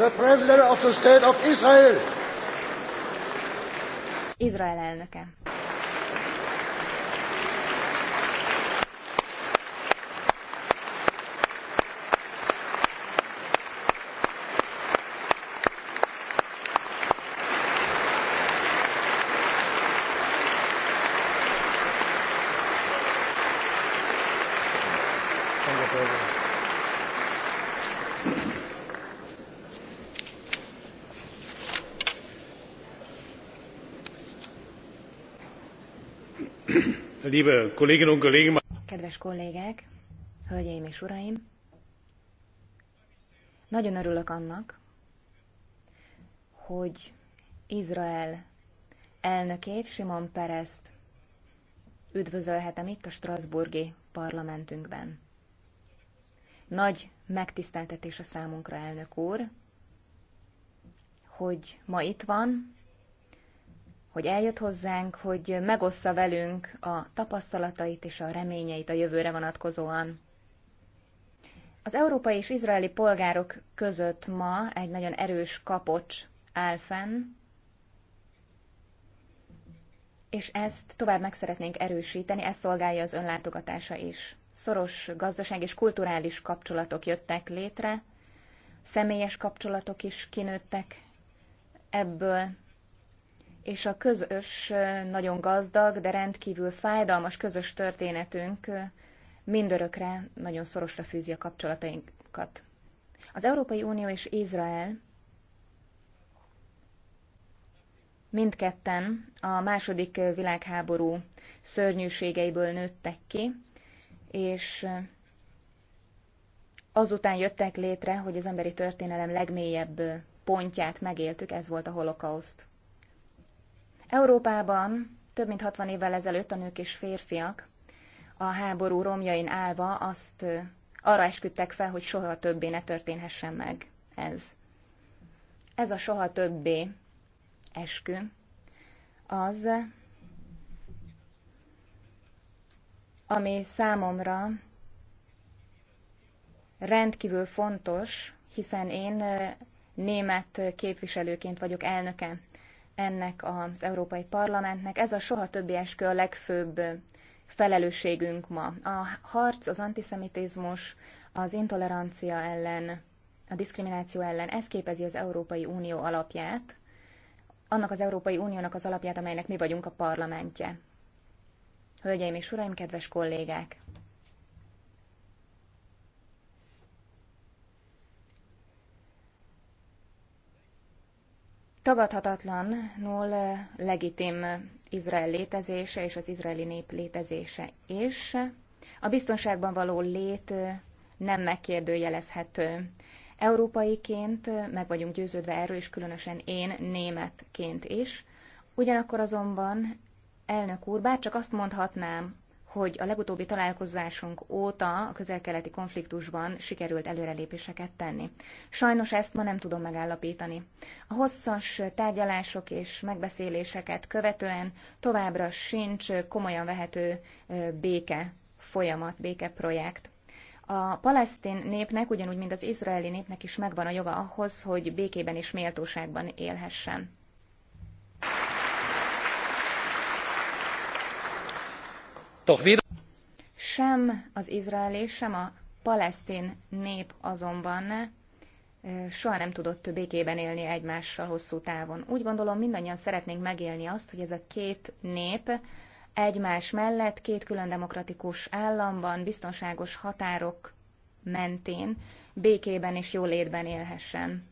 the President of the State of Israel. Izrael elnöke. Liebe Kolleginnen und Kollegen! Kedves kollégák, hölgyeim és uraim! Nagyon örülök annak, hogy Izrael elnökét, Simon Perezt üdvözölhetem itt a Strasburgi parlamentünkben. Nagy megtiszteltetés a számunkra, elnök úr, hogy ma itt van, hogy eljött hozzánk, hogy megossza velünk a tapasztalatait és a reményeit a jövőre vonatkozóan. Az európai és izraeli polgárok között ma egy nagyon erős kapocs áll fenn, és ezt tovább meg szeretnénk erősíteni, ezt szolgálja az önlátogatása is. Szoros gazdaság és kulturális kapcsolatok jöttek létre, személyes kapcsolatok is kinőttek ebből, és a közös, nagyon gazdag, de rendkívül fájdalmas közös történetünk mindörökre nagyon szorosra fűzi a kapcsolatainkat. Az Európai Unió és Izrael mindketten a második világháború szörnyűségeiből nőttek ki, és azután jöttek létre, hogy az emberi történelem legmélyebb pontját megéltük, ez volt a holokauszt. Európában több mint 60 évvel ezelőtt a nők és férfiak a háború romjain állva azt arra esküdtek fel, hogy soha többé ne történhessen meg ez. Ez a soha többé eskü, az, ami számomra rendkívül fontos, hiszen én német képviselőként vagyok elnöke ennek az Európai Parlamentnek. Ez a soha többi eskü a legfőbb felelősségünk ma. A harc, az antiszemitizmus, az intolerancia ellen, a diszkrimináció ellen, ez képezi az Európai Unió alapját, annak az Európai Uniónak az alapját, amelynek mi vagyunk a parlamentje. Hölgyeim és uraim, kedves kollégák! tagadhatatlanul legitim Izrael létezése és az izraeli nép létezése is. A biztonságban való lét nem megkérdőjelezhető. Európaiként meg vagyunk győződve erről, és különösen én németként is. Ugyanakkor azonban, elnök úr, bár csak azt mondhatnám, hogy a legutóbbi találkozásunk óta a közel-keleti konfliktusban sikerült előrelépéseket tenni. Sajnos ezt ma nem tudom megállapítani. A hosszas tárgyalások és megbeszéléseket követően továbbra sincs komolyan vehető béke folyamat, békeprojekt. A palesztin népnek, ugyanúgy mint az izraeli népnek is megvan a joga ahhoz, hogy békében és méltóságban élhessen. Sem az izraeli, sem a palesztin nép azonban eh, soha nem tudott békében élni egymással hosszú távon. Úgy gondolom, mindannyian szeretnénk megélni azt, hogy ez a két nép egymás mellett, két külön demokratikus államban, biztonságos határok mentén békében és jólétben élhessen.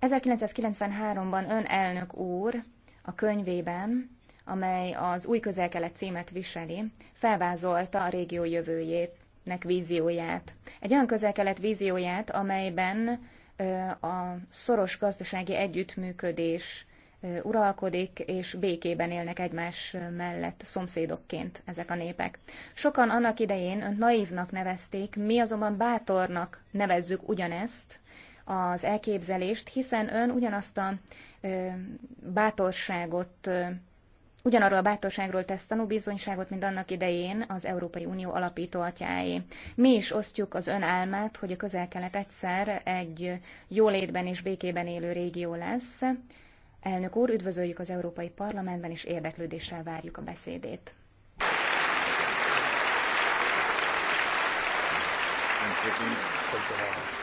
1993-ban ön elnök úr a könyvében amely az új közelkelet címet viseli, felvázolta a régió jövőjének vízióját. Egy olyan közelkelet vízióját, amelyben a szoros gazdasági együttműködés uralkodik, és békében élnek egymás mellett szomszédokként ezek a népek. Sokan annak idején önt naívnak nevezték, mi azonban bátornak nevezzük ugyanezt az elképzelést, hiszen ön ugyanazt a bátorságot ugyanarról a bátorságról tesz tanúbizonyságot, mint annak idején az Európai Unió alapító atyáé. Mi is osztjuk az ön álmát, hogy a közel-kelet egyszer egy jólétben és békében élő régió lesz. Elnök úr, üdvözöljük az Európai Parlamentben, és érdeklődéssel várjuk a beszédét. you.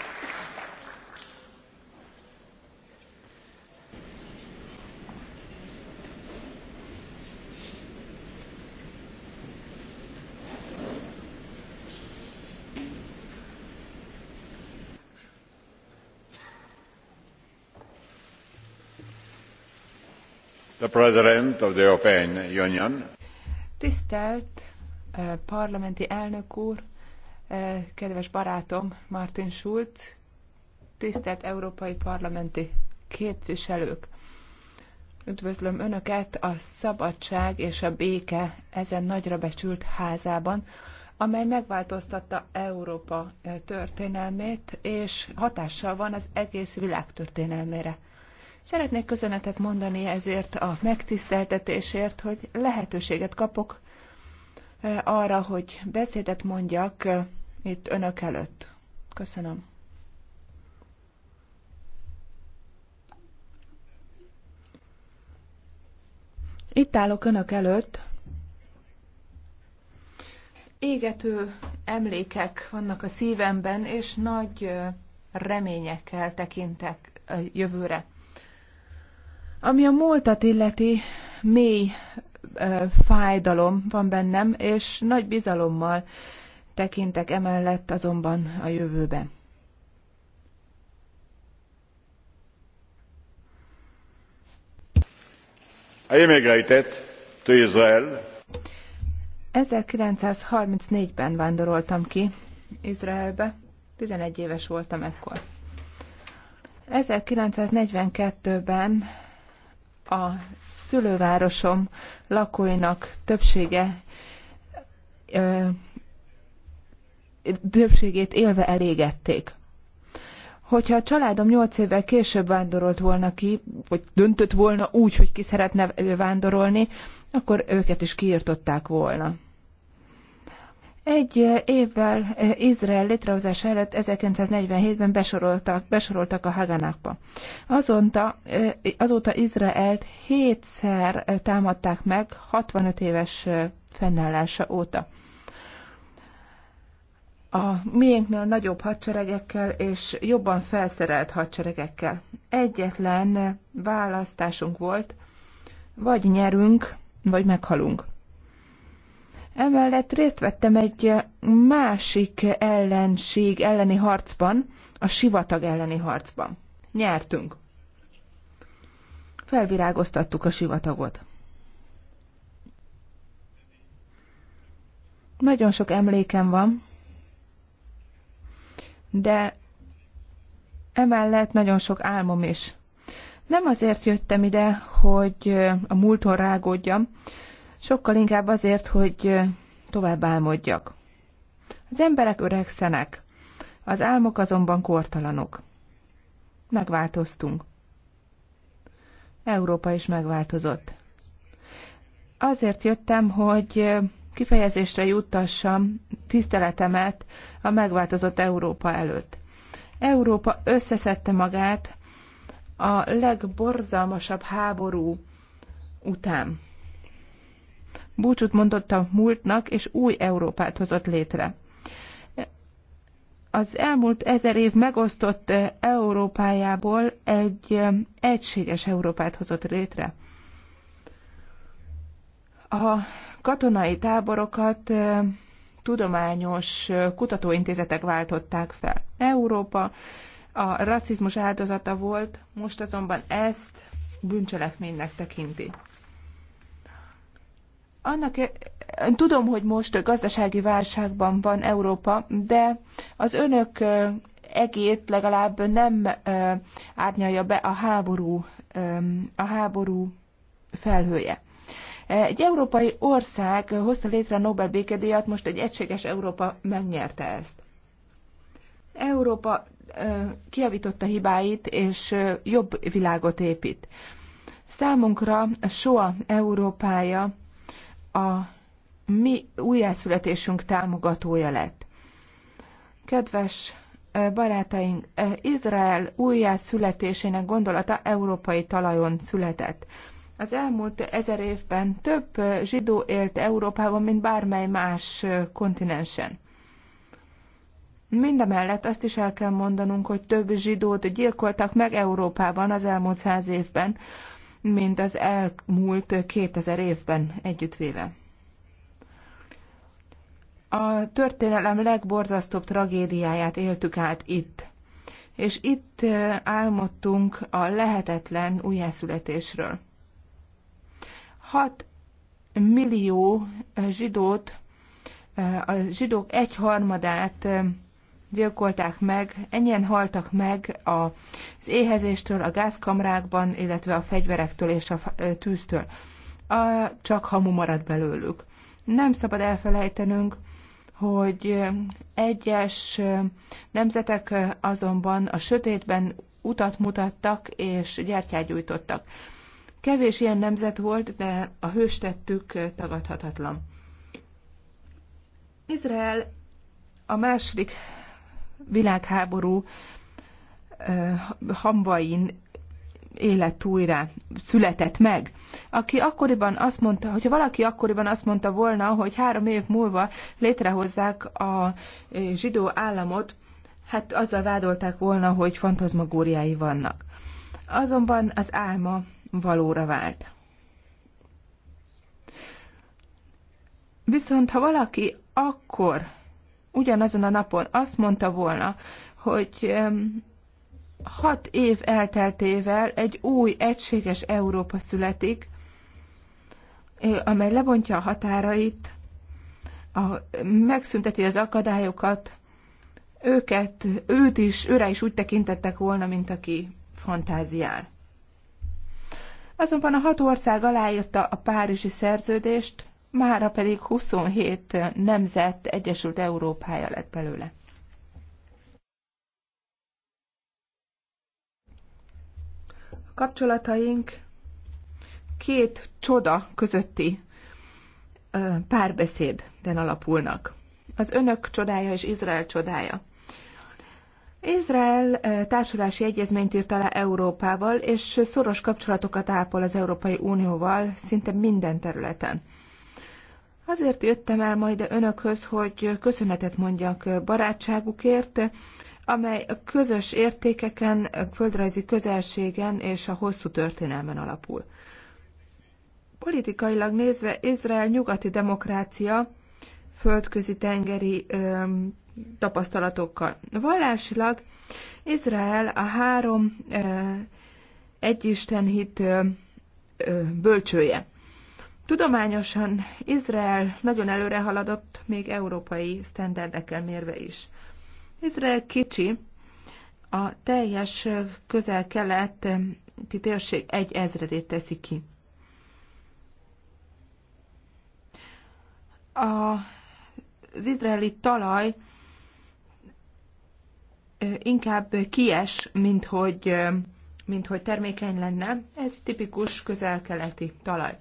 Tisztelt parlamenti elnök úr, kedves barátom Martin Schulz, tisztelt európai parlamenti képviselők! Üdvözlöm Önöket a Szabadság és a Béke ezen nagyra becsült házában, amely megváltoztatta Európa történelmét, és hatással van az egész világ történelmére. Szeretnék köszönetet mondani ezért a megtiszteltetésért, hogy lehetőséget kapok eh, arra, hogy beszédet mondjak eh, itt önök előtt. Köszönöm. Itt állok önök előtt. Égető emlékek vannak a szívemben, és nagy eh, reményekkel tekintek a jövőre. Ami a múltat illeti, mély fájdalom van bennem, és nagy bizalommal tekintek emellett azonban a jövőbe. A emigrated to Israel. 1934-ben vándoroltam ki Izraelbe, 11 éves voltam ekkor. 1942-ben a szülővárosom lakóinak többsége többségét élve elégették. Hogyha a családom nyolc évvel később vándorolt volna ki, vagy döntött volna úgy, hogy ki szeretne vándorolni, akkor őket is kiirtották volna. Egy eh, évvel eh, Izrael létrehozása előtt 1947-ben besoroltak, besoroltak a Haganákba. Azonta, eh, azóta Izraelt hétszer támadták meg 65 éves fennállása óta. A miénknél nagyobb hadseregekkel és jobban felszerelt hadseregekkel. Egyetlen választásunk volt, vagy nyerünk, vagy meghalunk. Emellett részt vettem egy másik ellenség elleni harcban, a sivatag elleni harcban. Nyertünk. Felvirágoztattuk a sivatagot. Nagyon sok emlékem van, de emellett nagyon sok álmom is. Nem azért jöttem ide, hogy a múlton rágódjam, sokkal inkább azért, hogy tovább álmodjak. Az emberek öregszenek, az álmok azonban kortalanok. Megváltoztunk. Európa is megváltozott. Azért jöttem, hogy kifejezésre juttassam tiszteletemet a megváltozott Európa előtt. Európa összeszedte magát a legborzalmasabb háború után búcsút mondott a múltnak, és új Európát hozott létre. Az elmúlt ezer év megosztott eh, Európájából egy eh, egységes Európát hozott létre. A katonai táborokat eh, tudományos kutatóintézetek váltották fel. Európa a rasszizmus áldozata volt, most azonban ezt bűncselekménynek tekinti annak e- tudom, hogy most gazdasági válságban van Európa, de az önök e, egét legalább nem e, árnyalja be a háború, a háború felhője. Egy európai ország hozta létre a Nobel békedíjat, most egy egységes Európa megnyerte ezt. Európa kiavította hibáit, és jobb világot épít. Számunkra a soha Európája a mi újjászületésünk támogatója lett. Kedves barátaink, Izrael újjászületésének gondolata európai talajon született. Az elmúlt ezer évben több zsidó élt Európában, mint bármely más kontinensen. Mindemellett azt is el kell mondanunk, hogy több zsidót gyilkoltak meg Európában az elmúlt száz évben, mint az elmúlt 2000 évben együttvéve. A történelem legborzasztóbb tragédiáját éltük át itt, és itt eh, álmodtunk a lehetetlen újjászületésről. Hat millió zsidót, eh, a zsidók egyharmadát eh, gyilkolták meg, ennyien haltak meg az éhezéstől, a gázkamrákban, illetve a fegyverektől és a tűztől. A, csak hamu maradt belőlük. Nem szabad elfelejtenünk, hogy egyes nemzetek azonban a sötétben utat mutattak és gyertyát gyújtottak. Kevés ilyen nemzet volt, de a hőstettük tagadhatatlan. Izrael a második világháború hamvain élet újra született meg. Aki akkoriban azt mondta, hogyha valaki akkoriban azt mondta volna, hogy három év múlva létrehozzák a zsidó államot, hát azzal vádolták volna, hogy fantazmagóriái vannak. Azonban az álma valóra vált. Viszont ha valaki akkor ugyanazon a napon azt mondta volna, hogy hat év elteltével egy új, egységes Európa születik, amely lebontja a határait, a, megszünteti az akadályokat, őket, őt is, őre is úgy tekintettek volna, mint aki fantáziál. Azonban a hat ország aláírta a Párizsi szerződést, mára pedig 27 nemzet Egyesült Európája lett belőle. A kapcsolataink két csoda közötti párbeszédben alapulnak. Az önök csodája és Izrael csodája. Izrael társulási egyezményt írt alá Európával, és szoros kapcsolatokat ápol az Európai Unióval szinte minden területen. Azért jöttem el majd önökhöz, hogy köszönetet mondjak barátságukért, amely a közös értékeken, a földrajzi közelségen és a hosszú történelmen alapul. Politikailag nézve Izrael nyugati demokrácia, földközi tengeri tapasztalatokkal. Vallásilag Izrael a három ö, egyisten hit ö, bölcsője. Tudományosan Izrael nagyon előre haladott, még európai sztenderdekkel mérve is. Izrael kicsi, a teljes közel kelet térség egy ezredét teszi ki. A, az izraeli talaj inkább kies, mint hogy, mint hogy termékeny lenne. Ez tipikus közel-keleti talaj.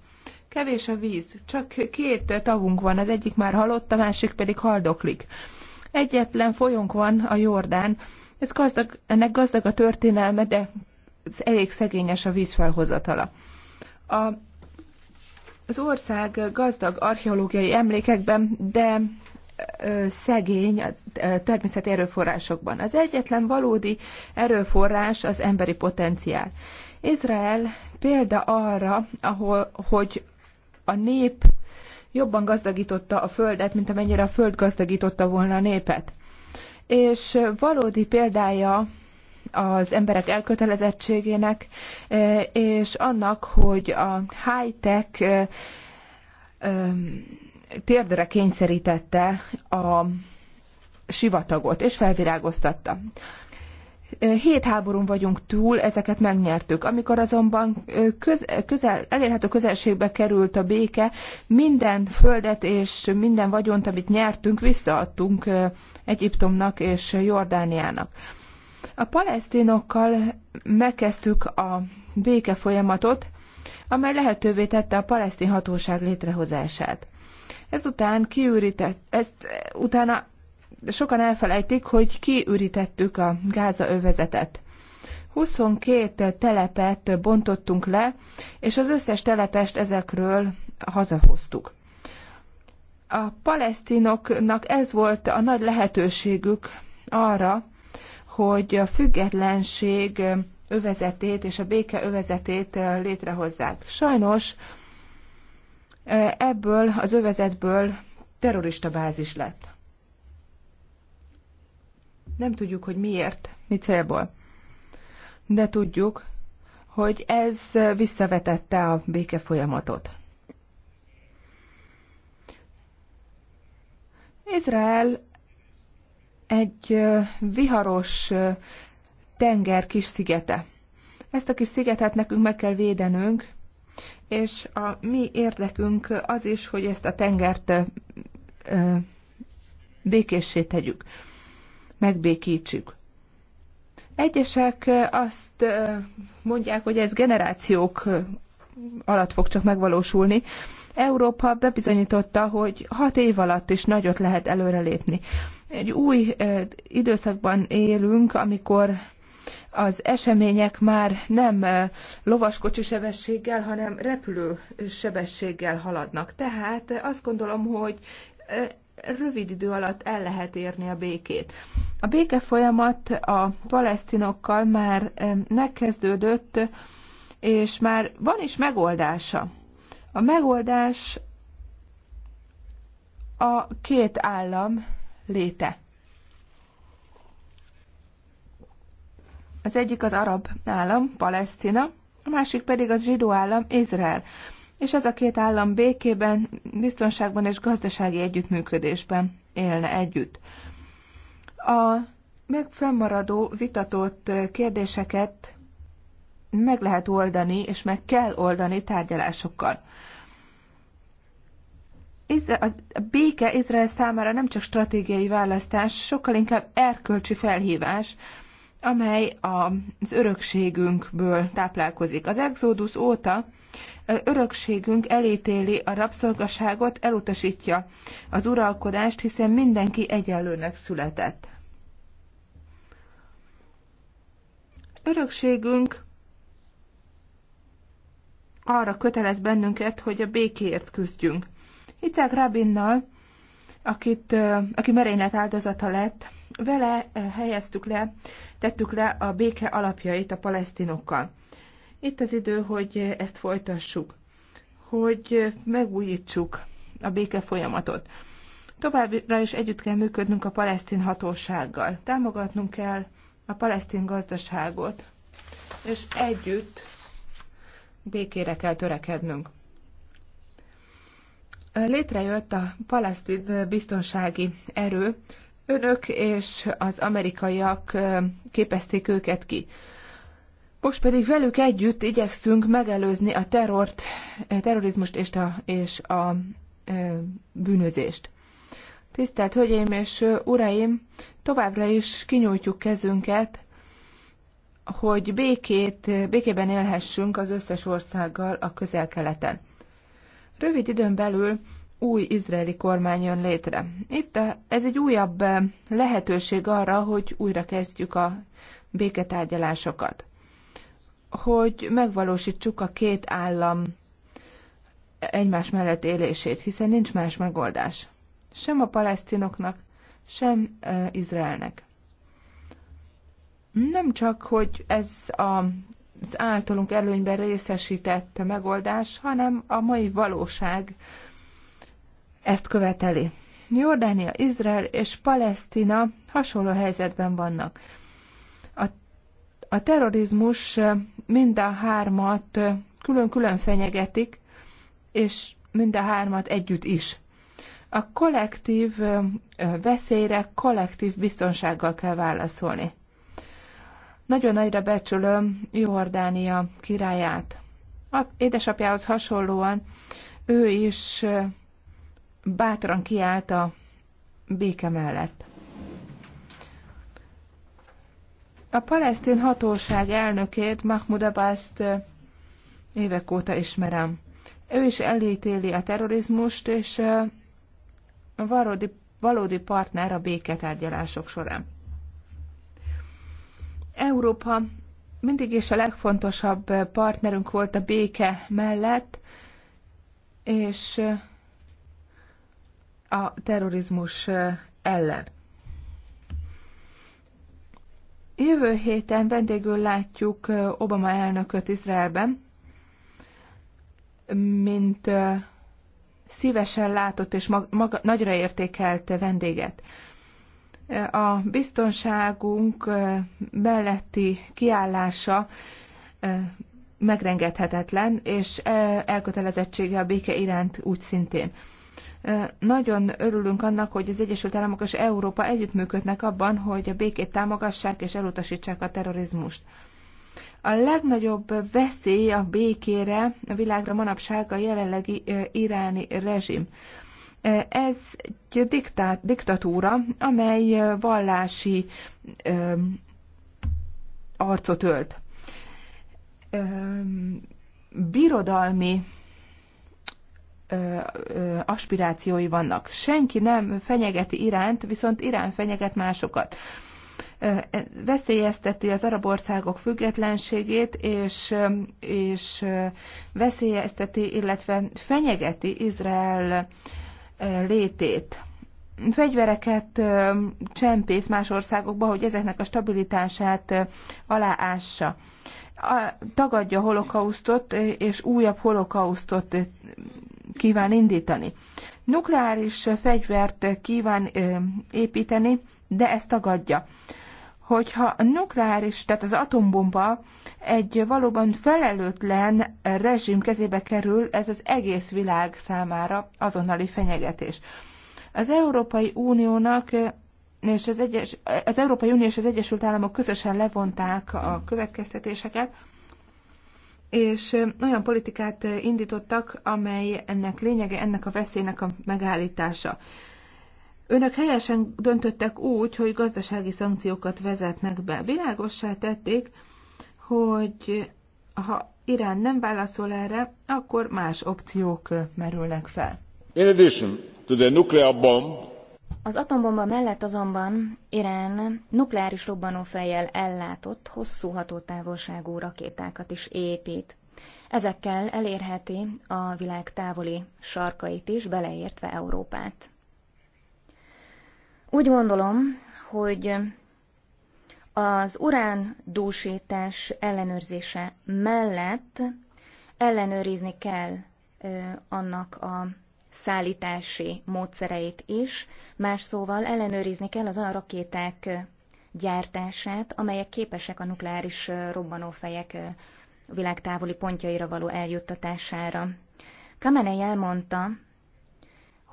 Kevés a víz, csak két tavunk van, az egyik már halott, a másik pedig haldoklik. Egyetlen folyónk van, a Jordán. Ez gazdag, ennek gazdag a történelme, de ez elég szegényes a vízfelhozatala. A, az ország gazdag archeológiai emlékekben, de szegény természeti erőforrásokban. Az egyetlen valódi erőforrás az emberi potenciál. Izrael példa arra, ahol, hogy a nép jobban gazdagította a földet, mint amennyire a föld gazdagította volna a népet. És valódi példája az emberek elkötelezettségének, e, és annak, hogy a high-tech e, e, térdre kényszerítette a sivatagot, és felvirágoztatta. Hét háborún vagyunk túl, ezeket megnyertük. Amikor azonban köz, közel, elérhető közelségbe került a béke, minden földet és minden vagyont, amit nyertünk, visszaadtunk Egyiptomnak és Jordániának. A palesztinokkal megkezdtük a béke folyamatot, amely lehetővé tette a palesztin hatóság létrehozását. Ezután kiürített, ezt utána sokan elfelejtik, hogy kiürítettük a Gáza övezetet. 22 telepet bontottunk le, és az összes telepest ezekről hazahoztuk. A palesztinoknak ez volt a nagy lehetőségük arra, hogy a függetlenség övezetét és a béke övezetét létrehozzák. Sajnos eh, ebből az övezetből terrorista bázis lett. Nem tudjuk, hogy miért, mi célból. De tudjuk, hogy ez visszavetette a béke folyamatot. Izrael egy viharos tenger kis szigete. Ezt a kis szigetet nekünk meg kell védenünk, és a mi érdekünk az is, hogy ezt a tengert békéssé tegyük megbékítsük. Egyesek azt mondják, hogy ez generációk alatt fog csak megvalósulni. Európa bebizonyította, hogy hat év alatt is nagyot lehet előrelépni. Egy új időszakban élünk, amikor az események már nem lovaskocsi sebességgel, hanem repülő sebességgel haladnak. Tehát azt gondolom, hogy rövid idő alatt el lehet érni a békét. A béke folyamat a palesztinokkal már megkezdődött, és már van is megoldása. A megoldás a két állam léte. Az egyik az arab állam, Palesztina, a másik pedig az zsidó állam, Izrael. És ez a két állam békében, biztonságban és gazdasági együttműködésben élne együtt. A meg fennmaradó vitatott kérdéseket meg lehet oldani, és meg kell oldani tárgyalásokkal. a béke Izrael számára nem csak stratégiai választás, sokkal inkább erkölcsi felhívás, amely az örökségünkből táplálkozik. Az exodus óta örökségünk elítéli a rabszolgaságot, elutasítja az uralkodást, hiszen mindenki egyenlőnek született. Örökségünk arra kötelez bennünket, hogy a békéért küzdjünk. Icák Rabinnal, akit, aki merénylet áldozata lett, vele helyeztük le, tettük le a béke alapjait a palesztinokkal. Itt az idő, hogy ezt folytassuk, hogy megújítsuk a béke folyamatot. Továbbra is együtt kell működnünk a palesztin hatósággal. Támogatnunk kell a palesztin gazdaságot, és együtt békére kell törekednünk. Létrejött a palesztin biztonsági erő, önök és az amerikaiak képezték őket ki. Most pedig velük együtt igyekszünk megelőzni a terrort, terrorizmust és a, és a e, bűnözést. Tisztelt Hölgyeim és Uraim, továbbra is kinyújtjuk kezünket, hogy békét, békében élhessünk az összes országgal a közel-keleten. Rövid időn belül új izraeli kormány jön létre. Itt a, ez egy újabb lehetőség arra, hogy újra kezdjük a béketárgyalásokat. Hogy megvalósítsuk a két állam egymás mellett élését, hiszen nincs más megoldás sem a palesztinoknak, sem e, Izraelnek. Nem csak, hogy ez a az általunk előnyben részesített megoldás, hanem a mai valóság ezt követeli. Jordánia, Izrael és Palesztina hasonló helyzetben vannak. A, a terrorizmus mind a hármat külön-külön fenyegetik, és mind a hármat együtt is. A kollektív veszélyre kollektív biztonsággal kell válaszolni. Nagyon nagyra becsülöm Jordánia királyát. A édesapjához hasonlóan ő is bátran kiállt a béke mellett. A palesztin hatóság elnökét, Mahmoud Abbas-t évek óta ismerem. Ő is elítéli a terrorizmust, és valódi, valódi partner a béketárgyalások során. Európa mindig is a legfontosabb partnerünk volt a béke mellett, és a terrorizmus ellen. Jövő héten vendégül látjuk Obama elnököt Izraelben, mint szívesen látott és mag, mag, nagyra értékelt vendéget. A biztonságunk melletti kiállása megrengethetetlen, és elkötelezettsége a béke iránt úgy szintén. Nagyon örülünk annak, hogy az Egyesült Államok és Európa együttműködnek abban, hogy a békét támogassák és elutasítsák a terrorizmust. A legnagyobb veszély a békére, a világra manapság a jelenlegi iráni rezsim. Ez egy diktát, diktatúra, amely vallási arcot ölt. Birodalmi aspirációi vannak. Senki nem fenyegeti Iránt, viszont Irán fenyeget másokat veszélyezteti az arab országok függetlenségét, és, és veszélyezteti, illetve fenyegeti Izrael létét fegyvereket csempész más országokba, hogy ezeknek a stabilitását aláássa. Tagadja a holokausztot, és újabb holokausztot kíván indítani. Nukleáris fegyvert kíván építeni, de ezt tagadja hogyha a nukleáris, tehát az atombomba egy valóban felelőtlen rezsim kezébe kerül, ez az egész világ számára azonnali fenyegetés. Az Európai Uniónak és az, egyes, az Európai Unió és az Egyesült Államok közösen levonták a következtetéseket, és olyan politikát indítottak, amely ennek lényege, ennek a veszélynek a megállítása. Önök helyesen döntöttek úgy, hogy gazdasági szankciókat vezetnek be. Világossá tették, hogy ha Irán nem válaszol erre, akkor más opciók merülnek fel. In addition to the nuclear bomb, az atombomba mellett azonban Irán nukleáris robbanófejjel ellátott, hosszú hatótávolságú rakétákat is épít. Ezekkel elérheti a világ távoli sarkait is, beleértve Európát. Úgy gondolom, hogy az urán dúsítás ellenőrzése mellett ellenőrizni kell annak a szállítási módszereit is, más szóval ellenőrizni kell az olyan rakéták gyártását, amelyek képesek a nukleáris robbanófejek világtávoli pontjaira való eljuttatására. Kamenei elmondta,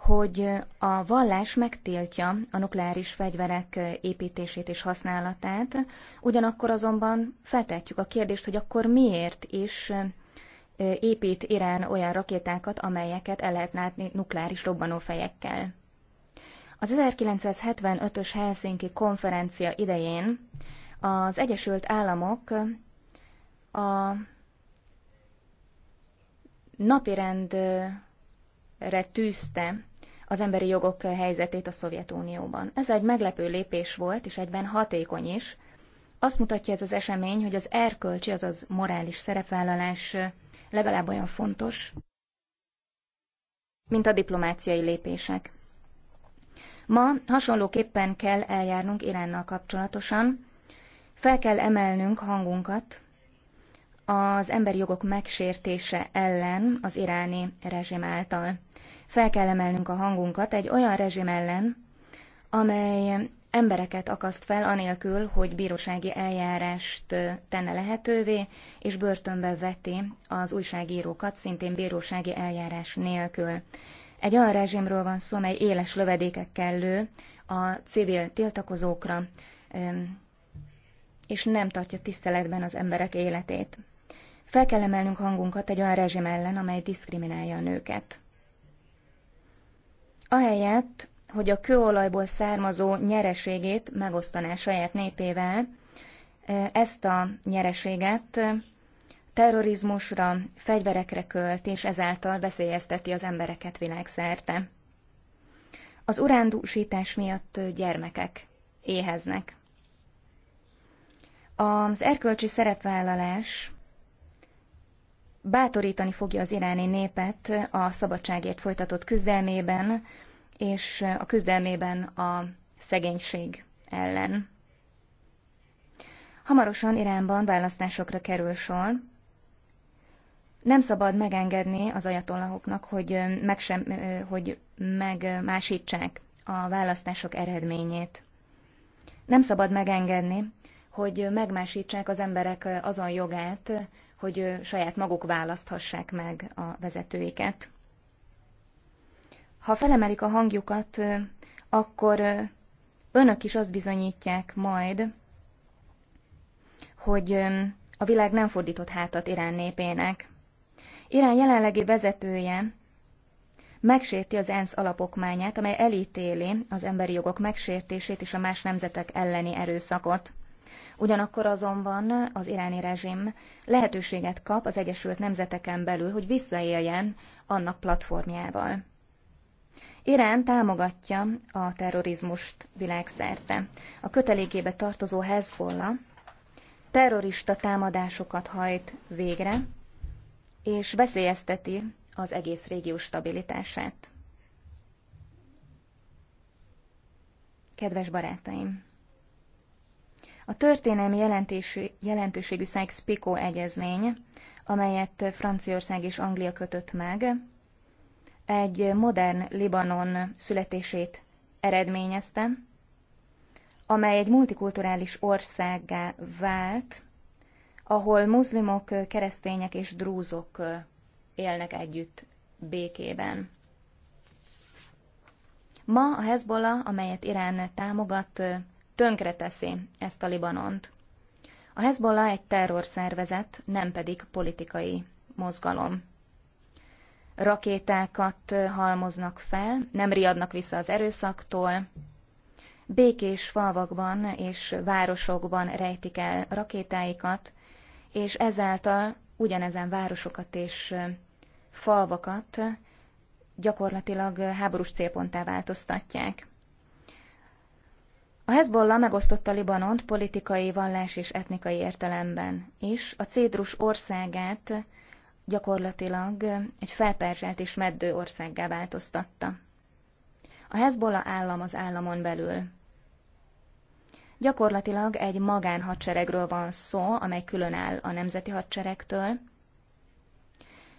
hogy a vallás megtiltja a nukleáris fegyverek építését és használatát, ugyanakkor azonban feltetjük a kérdést, hogy akkor miért is épít Irán olyan rakétákat, amelyeket el lehet látni nukleáris robbanófejekkel. Az 1975-ös Helsinki konferencia idején az Egyesült Államok a napirendre tűzte az emberi jogok helyzetét a Szovjetunióban. Ez egy meglepő lépés volt, és egyben hatékony is. Azt mutatja ez az esemény, hogy az erkölcsi, azaz morális szerepvállalás legalább olyan fontos, mint a diplomáciai lépések. Ma hasonlóképpen kell eljárnunk Iránnal kapcsolatosan, fel kell emelnünk hangunkat az emberi jogok megsértése ellen az iráni rezsim által. Fel kell emelnünk a hangunkat egy olyan rezsim ellen, amely embereket akaszt fel anélkül, hogy bírósági eljárást tenne lehetővé, és börtönbe veti az újságírókat szintén bírósági eljárás nélkül. Egy olyan rezsimről van szó, mely éles lövedékekkel lő a civil tiltakozókra, és nem tartja tiszteletben az emberek életét. Fel kell emelnünk hangunkat egy olyan rezsim ellen, amely diszkriminálja a nőket ahelyett, hogy a kőolajból származó nyereségét megosztaná saját népével, ezt a nyereséget terrorizmusra, fegyverekre költ, és ezáltal veszélyezteti az embereket világszerte. Az urándúsítás miatt gyermekek éheznek. Az erkölcsi szerepvállalás bátorítani fogja az iráni népet a szabadságért folytatott küzdelmében, és a küzdelmében a szegénység ellen. Hamarosan Iránban választásokra kerül sor. Nem szabad megengedni az ajatollahoknak, hogy, meg sem, hogy megmásítsák a választások eredményét. Nem szabad megengedni, hogy megmásítsák az emberek azon jogát, hogy saját maguk választhassák meg a vezetőiket. Ha felemelik a hangjukat, akkor önök is azt bizonyítják majd, hogy a világ nem fordított hátat Irán népének. Irán jelenlegi vezetője megsérti az ENSZ alapokmányát, amely elítéli az emberi jogok megsértését és a más nemzetek elleni erőszakot. Ugyanakkor azonban az iráni rezsim lehetőséget kap az Egyesült Nemzeteken belül, hogy visszaéljen annak platformjával. Irán támogatja a terrorizmust világszerte. A kötelékébe tartozó Hezbollah terrorista támadásokat hajt végre, és veszélyezteti az egész régió stabilitását. Kedves barátaim! A történelmi jelentőségű Sykes-Picot egyezmény, amelyet Franciaország és Anglia kötött meg, egy modern Libanon születését eredményezte, amely egy multikulturális országgá vált, ahol muszlimok, keresztények és drúzok élnek együtt békében. Ma a Hezbollah, amelyet Irán támogat, tönkreteszi ezt a Libanont. A Hezbollah egy terrorszervezet, nem pedig politikai mozgalom rakétákat halmoznak fel, nem riadnak vissza az erőszaktól, békés falvakban és városokban rejtik el rakétáikat, és ezáltal ugyanezen városokat és falvakat gyakorlatilag háborús célponttá változtatják. A Hezbollah megosztotta Libanont politikai, vallás és etnikai értelemben, és a Cédrus országát gyakorlatilag egy felperzselt és meddő országgá változtatta. A Hezbollah állam az államon belül. Gyakorlatilag egy magánhadseregről van szó, amely különáll a nemzeti hadseregtől,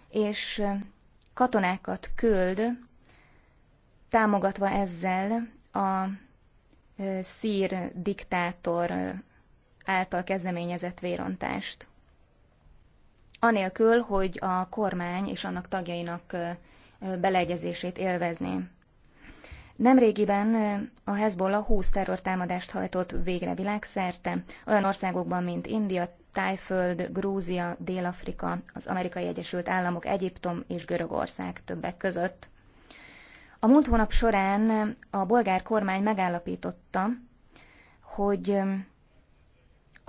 és katonákat küld, támogatva ezzel a szír diktátor által kezdeményezett vérontást anélkül, hogy a kormány és annak tagjainak beleegyezését élvezni. Nemrégiben a Hezbollah 20 terrortámadást hajtott végre világszerte, olyan országokban, mint India, Tájföld, Grúzia, Dél-Afrika, az Amerikai Egyesült Államok, Egyiptom és Görögország többek között. A múlt hónap során a bolgár kormány megállapította, hogy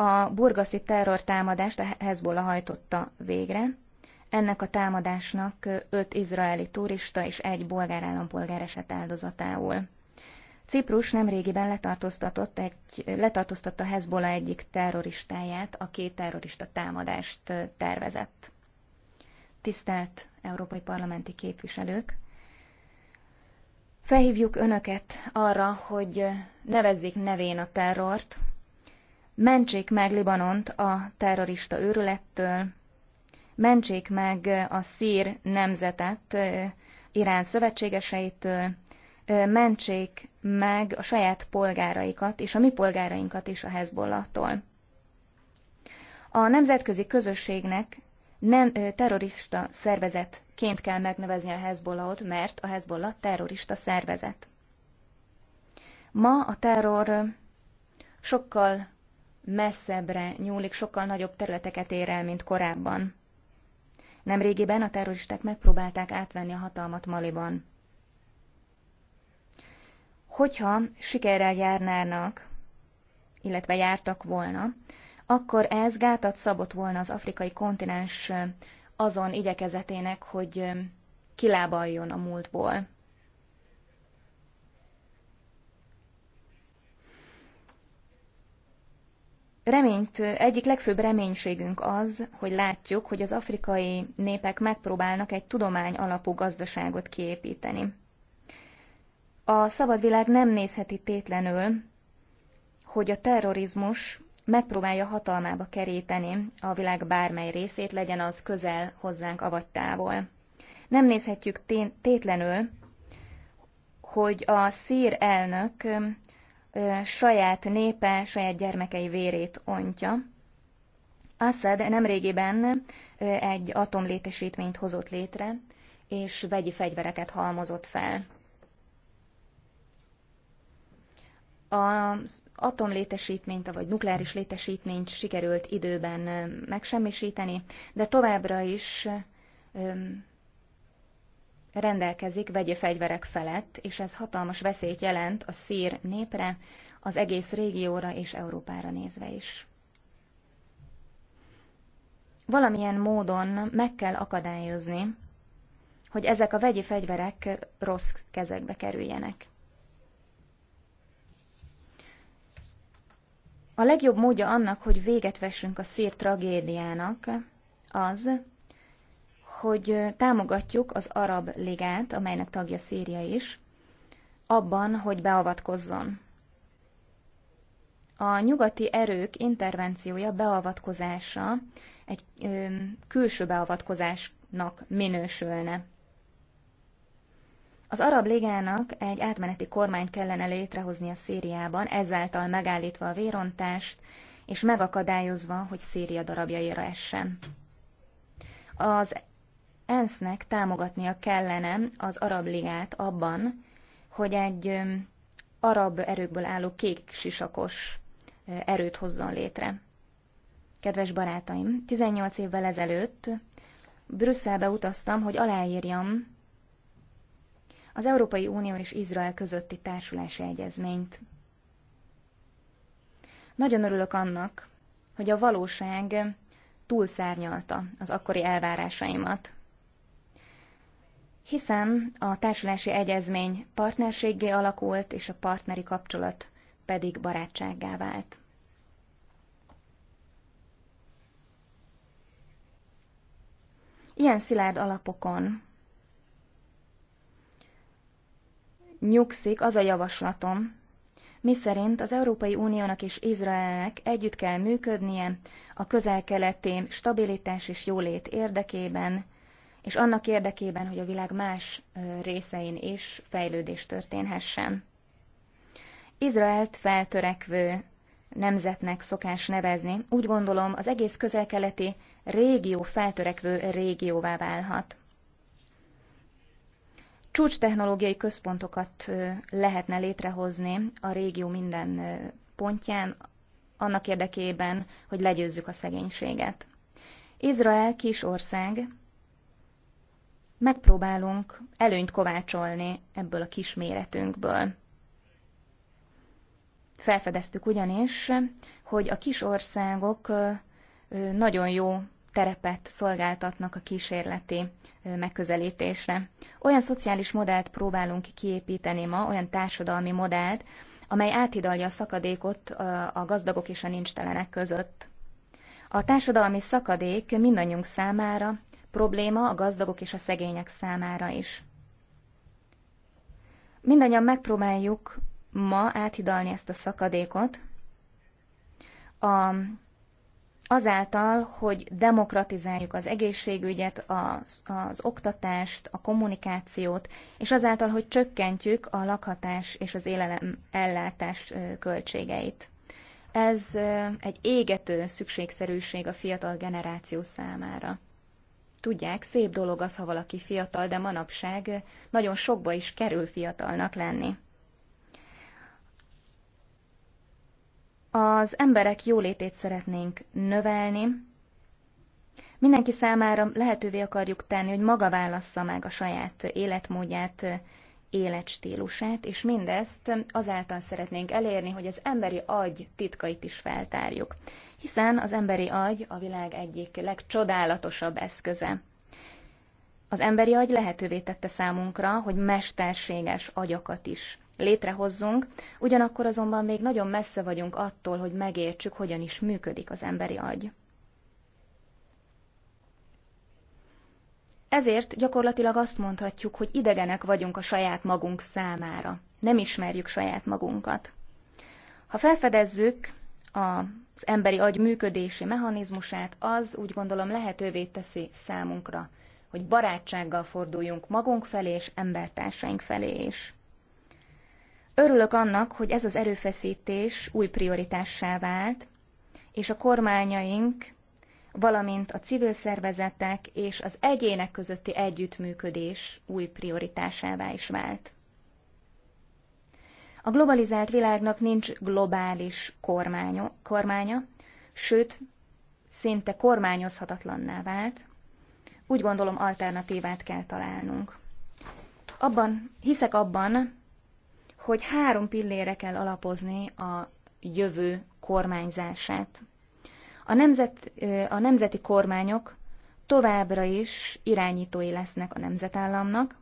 a burgaszi terrortámadást a Hezbollah hajtotta végre. Ennek a támadásnak öt izraeli turista és egy bolgár állampolgár esett áldozatául. Ciprus nemrégiben letartóztatott egy, letartóztatta Hezbollah egyik terroristáját, aki terrorista támadást tervezett. Tisztelt európai parlamenti képviselők! Felhívjuk Önöket arra, hogy nevezzék nevén a terrort, Mentsék meg Libanont a terrorista őrülettől, mentsék meg a szír nemzetet Irán szövetségeseitől, mentsék meg a saját polgáraikat és a mi polgárainkat is a Hezbollah-tól. A nemzetközi közösségnek nem terrorista szervezetként kell megnevezni a Hezbollahot, mert a Hezbollah terrorista szervezet. Ma a terror sokkal messzebbre nyúlik, sokkal nagyobb területeket ér el, mint korábban. Nemrégiben a terroristák megpróbálták átvenni a hatalmat Maliban. Hogyha sikerrel járnának, illetve jártak volna, akkor ez gátat szabott volna az afrikai kontinens azon igyekezetének, hogy kilábaljon a múltból. Reményt, egyik legfőbb reménységünk az, hogy látjuk, hogy az afrikai népek megpróbálnak egy tudomány alapú gazdaságot kiépíteni. A szabad világ nem nézheti tétlenül, hogy a terrorizmus megpróbálja hatalmába keríteni a világ bármely részét, legyen az közel hozzánk, avagy távol. Nem nézhetjük tétlenül, hogy a szír elnök saját népe, saját gyermekei vérét ontja. Assad nemrégiben egy atomlétesítményt hozott létre, és vegyi fegyvereket halmozott fel. Az atomlétesítményt, vagy nukleáris létesítményt sikerült időben megsemmisíteni, de továbbra is rendelkezik vegyi fegyverek felett, és ez hatalmas veszélyt jelent a szír népre, az egész régióra és Európára nézve is. Valamilyen módon meg kell akadályozni, hogy ezek a vegyi fegyverek rossz kezekbe kerüljenek. A legjobb módja annak, hogy véget vessünk a szír tragédiának, az, hogy támogatjuk az Arab Ligát, amelynek tagja Szíria is, abban, hogy beavatkozzon. A nyugati erők intervenciója, beavatkozása egy ö, külső beavatkozásnak minősülne. Az Arab Ligának egy átmeneti kormány kellene létrehozni a Szíriában, ezáltal megállítva a vérontást, és megakadályozva, hogy Szíria darabjaira essen. Az ENSZ-nek támogatnia kellene az Arab Ligát abban, hogy egy arab erőkből álló kék sisakos erőt hozzon létre. Kedves barátaim, 18 évvel ezelőtt Brüsszelbe utaztam, hogy aláírjam az Európai Unió és Izrael közötti társulási egyezményt. Nagyon örülök annak, hogy a valóság túlszárnyalta az akkori elvárásaimat hiszen a társulási egyezmény partnerséggé alakult, és a partneri kapcsolat pedig barátsággá vált. Ilyen szilárd alapokon nyugszik az a javaslatom, miszerint az Európai Uniónak és Izraelnek együtt kell működnie a közel-keleti stabilitás és jólét érdekében, és annak érdekében, hogy a világ más részein is fejlődés történhessen. Izraelt feltörekvő nemzetnek szokás nevezni, úgy gondolom az egész közelkeleti régió feltörekvő régióvá válhat. Csúcs technológiai központokat lehetne létrehozni a régió minden pontján, annak érdekében, hogy legyőzzük a szegénységet. Izrael kis ország, megpróbálunk előnyt kovácsolni ebből a kis méretünkből. Felfedeztük ugyanis, hogy a kis országok nagyon jó terepet szolgáltatnak a kísérleti megközelítésre. Olyan szociális modellt próbálunk kiépíteni ma, olyan társadalmi modellt, amely áthidalja a szakadékot a gazdagok és a nincstelenek között. A társadalmi szakadék mindannyiunk számára probléma a gazdagok és a szegények számára is. Mindannyian megpróbáljuk ma áthidalni ezt a szakadékot, a, azáltal, hogy demokratizáljuk az egészségügyet, az, az oktatást, a kommunikációt, és azáltal, hogy csökkentjük a lakhatás és az élelem ellátás költségeit. Ez egy égető szükségszerűség a fiatal generáció számára. Tudják, szép dolog az, ha valaki fiatal, de manapság nagyon sokba is kerül fiatalnak lenni. Az emberek jólétét szeretnénk növelni, mindenki számára lehetővé akarjuk tenni, hogy maga válassza meg a saját életmódját, életstílusát, és mindezt azáltal szeretnénk elérni, hogy az emberi agy titkait is feltárjuk hiszen az emberi agy a világ egyik legcsodálatosabb eszköze. Az emberi agy lehetővé tette számunkra, hogy mesterséges agyakat is létrehozzunk, ugyanakkor azonban még nagyon messze vagyunk attól, hogy megértsük, hogyan is működik az emberi agy. Ezért gyakorlatilag azt mondhatjuk, hogy idegenek vagyunk a saját magunk számára. Nem ismerjük saját magunkat. Ha felfedezzük az emberi agy működési mechanizmusát, az úgy gondolom lehetővé teszi számunkra, hogy barátsággal forduljunk magunk felé és embertársaink felé is. Örülök annak, hogy ez az erőfeszítés új prioritássá vált, és a kormányaink, valamint a civil szervezetek és az egyének közötti együttműködés új prioritásává is vált. A globalizált világnak nincs globális kormányo, kormánya, sőt, szinte kormányozhatatlanná vált. Úgy gondolom, alternatívát kell találnunk. Abban, hiszek abban, hogy három pillére kell alapozni a jövő kormányzását. A, nemzet, a nemzeti kormányok továbbra is irányítói lesznek a nemzetállamnak,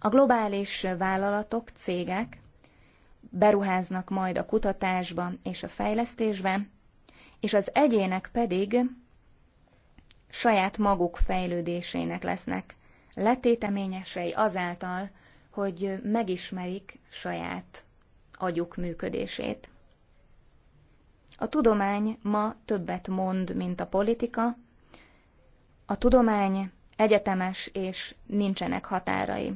a globális vállalatok, cégek beruháznak majd a kutatásba és a fejlesztésbe, és az egyének pedig saját maguk fejlődésének lesznek letéteményesei azáltal, hogy megismerik saját agyuk működését. A tudomány ma többet mond, mint a politika. A tudomány egyetemes és nincsenek határai.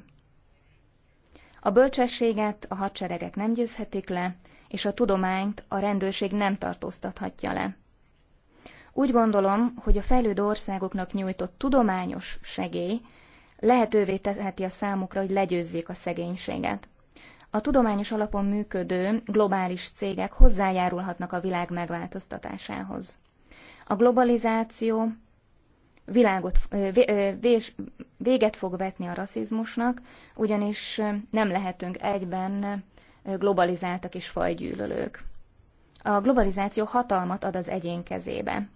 A bölcsességet a hadseregek nem győzhetik le, és a tudományt a rendőrség nem tartóztathatja le. Úgy gondolom, hogy a fejlődő országoknak nyújtott tudományos segély lehetővé teheti a számukra, hogy legyőzzék a szegénységet. A tudományos alapon működő globális cégek hozzájárulhatnak a világ megváltoztatásához. A globalizáció világot, vés, véget fog vetni a rasszizmusnak, ugyanis nem lehetünk egyben globalizáltak és fajgyűlölők. A globalizáció hatalmat ad az egyén kezébe.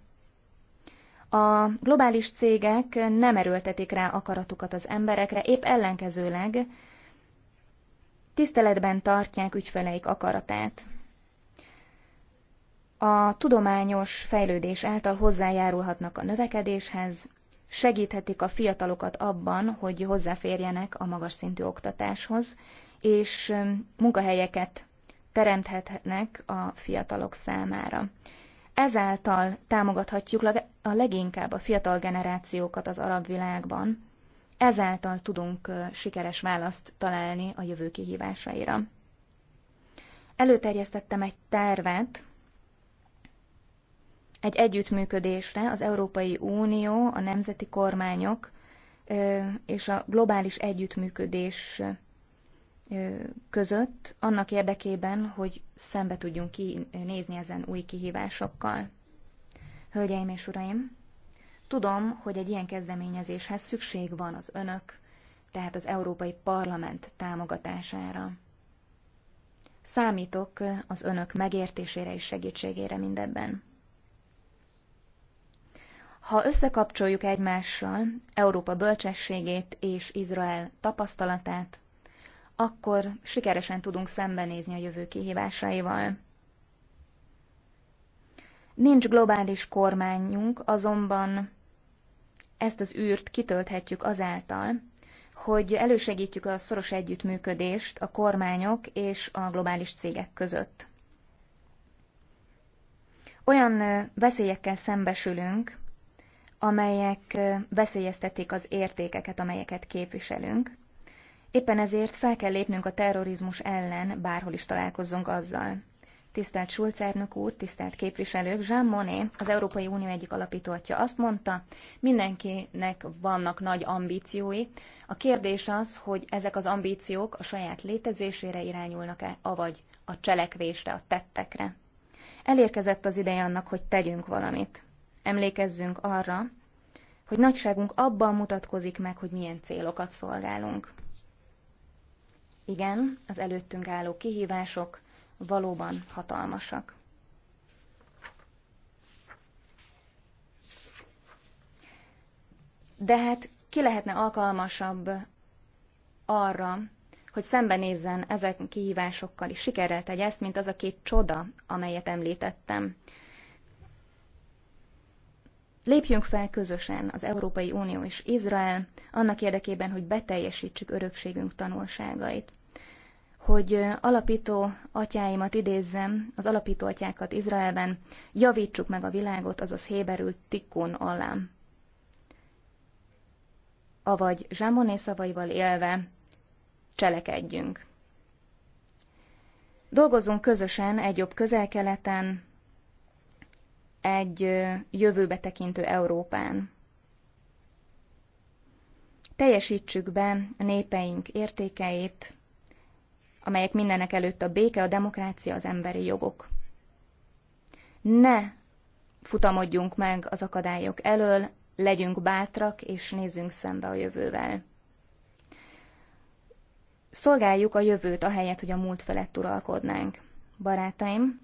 A globális cégek nem erőltetik rá akaratukat az emberekre, épp ellenkezőleg tiszteletben tartják ügyfeleik akaratát. A tudományos fejlődés által hozzájárulhatnak a növekedéshez, segíthetik a fiatalokat abban, hogy hozzáférjenek a magas szintű oktatáshoz, és munkahelyeket teremthetnek a fiatalok számára. Ezáltal támogathatjuk a leginkább a fiatal generációkat az arab világban, ezáltal tudunk sikeres választ találni a jövő kihívásaira. Előterjesztettem egy tervet egy együttműködésre az Európai Unió, a nemzeti kormányok és a globális együttműködés között annak érdekében, hogy szembe tudjunk nézni ezen új kihívásokkal. Hölgyeim és uraim, tudom, hogy egy ilyen kezdeményezéshez szükség van az önök, tehát az Európai Parlament támogatására. Számítok az önök megértésére és segítségére mindebben. Ha összekapcsoljuk egymással Európa bölcsességét és Izrael tapasztalatát, akkor sikeresen tudunk szembenézni a jövő kihívásaival. Nincs globális kormányunk, azonban ezt az űrt kitölthetjük azáltal, hogy elősegítjük a szoros együttműködést a kormányok és a globális cégek között. Olyan veszélyekkel szembesülünk, amelyek veszélyeztették az értékeket, amelyeket képviselünk. Éppen ezért fel kell lépnünk a terrorizmus ellen, bárhol is találkozzunk azzal. Tisztelt Schulz elnök úr, tisztelt képviselők, Jean Monnet, az Európai Unió egyik alapítója azt mondta, mindenkinek vannak nagy ambíciói. A kérdés az, hogy ezek az ambíciók a saját létezésére irányulnak-e, avagy a cselekvésre, a tettekre. Elérkezett az ideje annak, hogy tegyünk valamit emlékezzünk arra, hogy nagyságunk abban mutatkozik meg, hogy milyen célokat szolgálunk. Igen, az előttünk álló kihívások valóban hatalmasak. De hát ki lehetne alkalmasabb arra, hogy szembenézzen ezek kihívásokkal, és sikerrel tegye ezt, mint az a két csoda, amelyet említettem. Lépjünk fel közösen az Európai Unió és Izrael annak érdekében, hogy beteljesítsük örökségünk tanulságait. Hogy alapító atyáimat idézzem, az alapító atyákat Izraelben, javítsuk meg a világot, azaz héberül tikkun alám. Avagy Zsámoné szavaival élve, cselekedjünk. Dolgozzunk közösen egy jobb közel-keleten, egy jövőbe tekintő Európán. Teljesítsük be a népeink értékeit, amelyek mindenek előtt a béke, a demokrácia, az emberi jogok. Ne futamodjunk meg az akadályok elől, legyünk bátrak és nézzünk szembe a jövővel. Szolgáljuk a jövőt ahelyett, hogy a múlt felett uralkodnánk. Barátaim,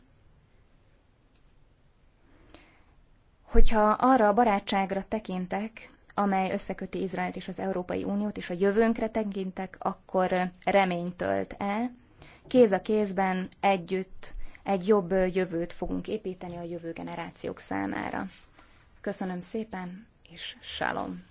Hogyha arra a barátságra tekintek, amely összeköti Izraelt és az Európai Uniót, és a jövőnkre tekintek, akkor remény tölt el. Kéz a kézben együtt egy jobb jövőt fogunk építeni a jövő generációk számára. Köszönöm szépen, és shalom!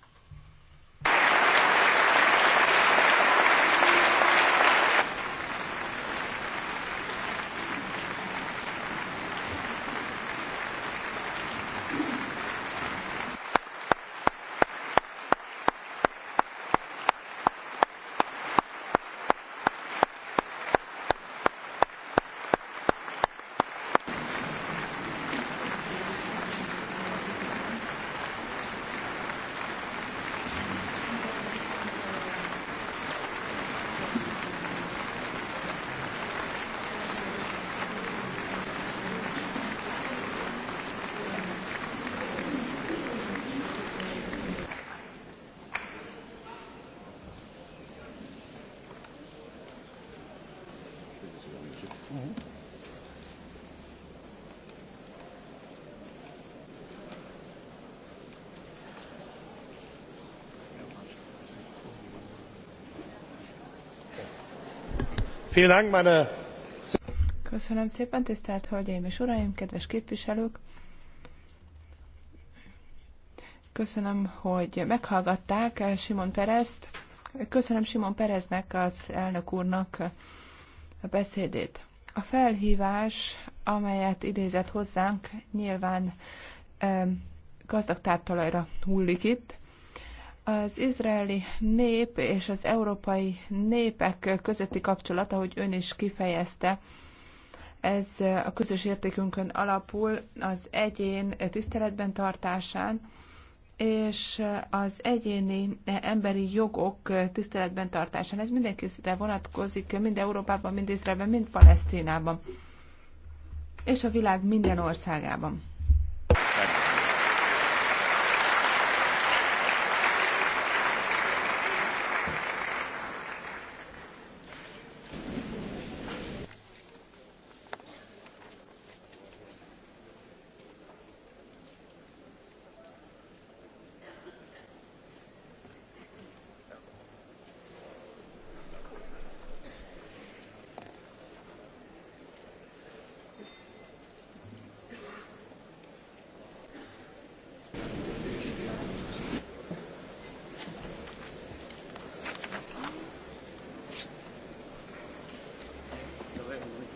Köszönöm szépen, tisztelt Hölgyeim és Uraim, kedves képviselők! Köszönöm, hogy meghallgatták Simon Perezt. Köszönöm Simon Pereznek, az elnök úrnak a beszédét. A felhívás, amelyet idézett hozzánk, nyilván gazdag táptalajra hullik itt az izraeli nép és az európai népek közötti kapcsolata, ahogy ön is kifejezte, ez a közös értékünkön alapul, az egyén tiszteletben tartásán, és az egyéni emberi jogok tiszteletben tartásán. Ez mindenkire vonatkozik, mind Európában, mind Izraelben, mind Palesztinában, és a világ minden országában.